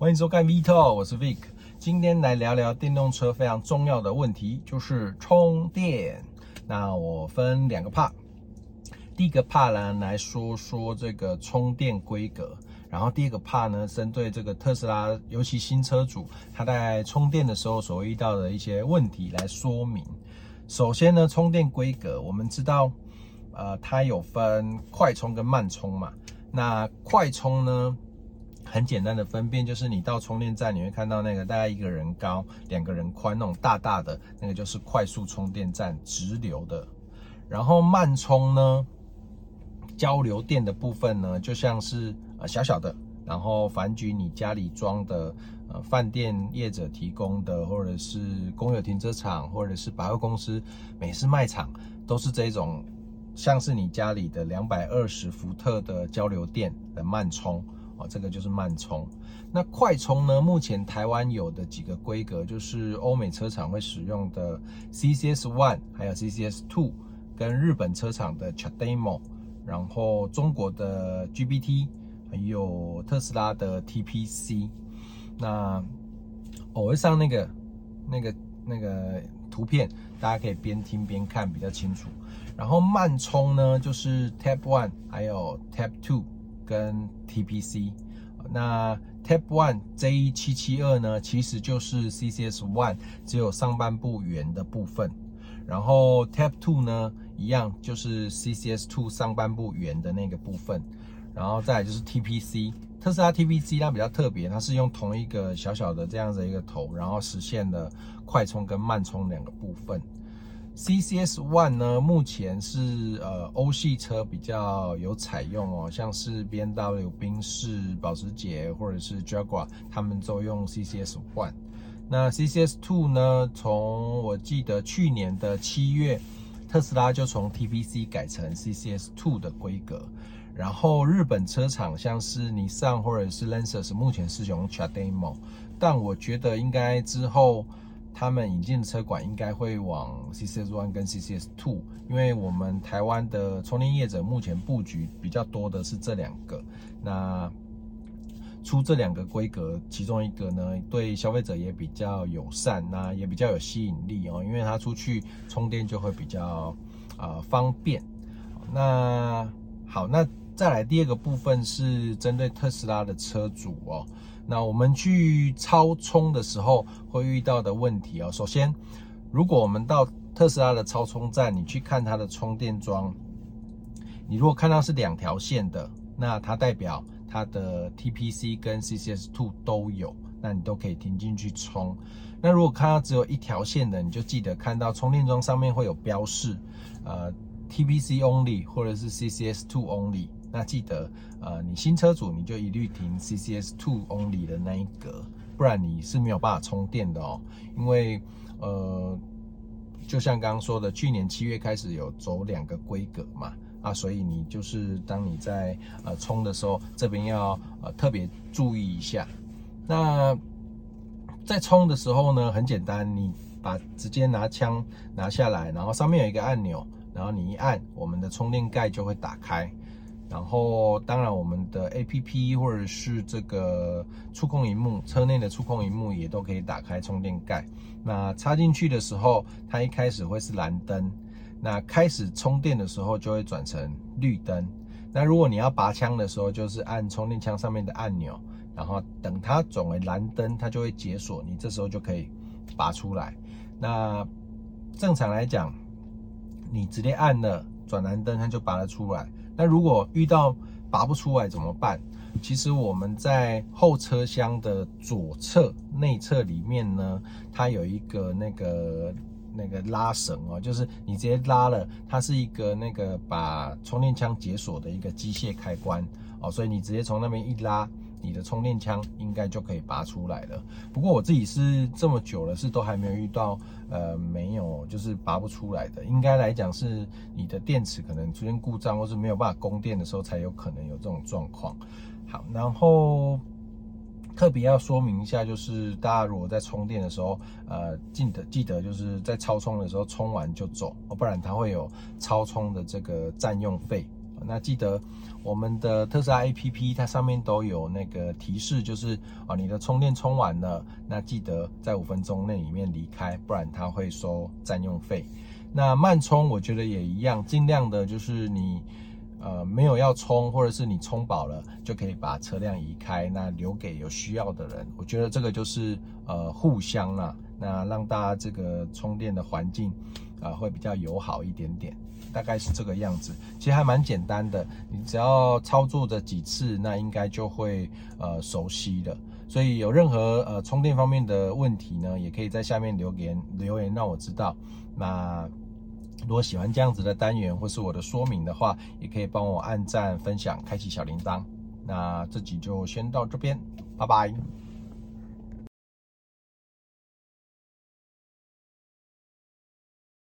歡迎收看 VV Talk，我是 Vic，今天來聊聊電動車非常重要的問題，就是充電。那我分兩個 part，第一個 part 呢，來說說這個充電規格，然後第二個 part 呢，針對這個特斯拉，尤其新車主他在充電的時候所遇到的一些問題來說明。首先呢，充電規格，我們知道，呃，它有分快充跟慢充嘛，那快充呢？很簡單的分辨就是，你到充電站，你會看到那個大概一個人高、兩個人寬那種大大的，那個就是快速充電站直流的。然後慢充呢，交流電的部分呢，就像是呃小小的。然後凡舉你家裡裝的，呃飯店業者提供的，或者是公有停車場，或者是百貨公司、美式賣場，都是這種，像是你家裡的兩百二十伏特的交流電的慢充。哦，這個就是慢充。那快充呢？目前台灣有的幾個規格，就是歐美車廠會使用的 CCS One，還有 CCS Two，跟日本車廠的 CHAdeMO，然後中國的 GBT，還有特斯拉的 TPC。那偶爾上那個、那個、那個圖片，大家可以邊聽邊看，比較清楚。然後慢充呢，就是 Type One，還有 Type Two。跟 T P C，那 Type One J 七七二呢，其實就是 C C S One 只有上半部圓的部分，然後 Type Two 呢，一樣就是 C C S Two 上半部圓的那個部分，然後再來就是 T P C，特斯拉 T P C 它比較特別，它是用同一個小小的這樣子一個頭，然後實現了快充跟慢充兩個部分。C C S One 呢，目前是呃歐系車比較有採用哦，像是 BMW 賓士、保時捷或者是 Jaguar，他們都用 C C S One。那 C C S Two 呢？從我記得去年的七月，特斯拉就從 T P C 改成 C C S Two 的規格。然後日本車廠像是尼桑或者是 Lexus，目前是用 Chademo，但我覺得應該之後。他們引進的車管應該會往 CCS One 跟 CCS Two，因為我們台灣的充電業者目前布局比較多的是這兩個，那出這兩個規格，其中一個呢，對消費者也比較友善，那也比較有吸引力哦，因為他出去充電就會比較啊、呃、方便。那好，那。再來第二個部分是針對特斯拉的車主哦，那我們去超充的時候會遇到的問題哦。首先，如果我們到特斯拉的超充站，你去看它的充電樁，你如果看到是兩條線的，那它代表它的 TPC 跟 CCS two 都有，那你都可以停進去充。那如果看到只有一條線的，你就記得看到充電樁上面會有標示，呃，TPC only 或者是 CCS two only。那記得，呃，你新車主你就一律停 CCS2 Only 的那一格，不然你是沒有辦法充電的哦。因為，呃，就像剛剛說的，去年七月開始有走兩個規格嘛，啊，所以你就是當你在呃充的時候，這邊要呃特別注意一下。那在充的時候呢，很簡單，你把直接拿槍拿下來，然後上面有一個按鈕，然後你一按，我們的充電蓋就會打開。然後，當然，我們的 APP 或者是這個觸控熒幕，車內的觸控熒幕也都可以打開充電蓋。那插進去的時候，它一開始會是藍燈，那開始充電的時候就會轉成綠燈。那如果你要拔槍的時候，就是按充電槍上面的按鈕，然後等它轉為藍燈，它就會解鎖，你這時候就可以拔出來。那正常來講，你直接按了轉藍燈，它就拔得出來。那如果遇到拔不出來怎麼辦？其實我們在後車廂的左側內側裡面呢，它有一個那個那個拉繩哦，就是你直接拉了，它是一個那個把充電槍解鎖的一個機械開關哦，所以你直接從那邊一拉。你的充電槍應該就可以拔出來了。不過我自己是這麼久了，是都還沒有遇到，呃，沒有就是拔不出來的。應該來講是你的電池可能出現故障，或是沒有辦法供電的時候才有可能有這種狀況。好，然後特別要說明一下，就是大家如果在充電的時候，呃，記得記得就是在超充的時候，充完就走，不然它會有超充的這個佔用費。那記得我們的特斯拉 APP 它上面都有那個提示，就是啊你的充電充完了，那記得在五分鐘內裡面離開，不然它會收占用費。那慢充我覺得也一樣，儘量的就是你呃沒有要充，或者是你充飽了就可以把車輛移開，那留給有需要的人。我覺得這個就是呃互相啦，啊。那讓大家這個充電的環境啊、呃，會比較友好一點點，大概是這個樣子。其實還蠻簡單的，你只要操作的幾次，那應該就會呃熟悉了。所以有任何呃充電方面的問題呢，也可以在下面留言留言讓我知道。那如果喜歡這樣子的單元或是我的說明的話，也可以幫我按讚、分享、開啟小鈴鐺。那這集就先到這邊，拜拜。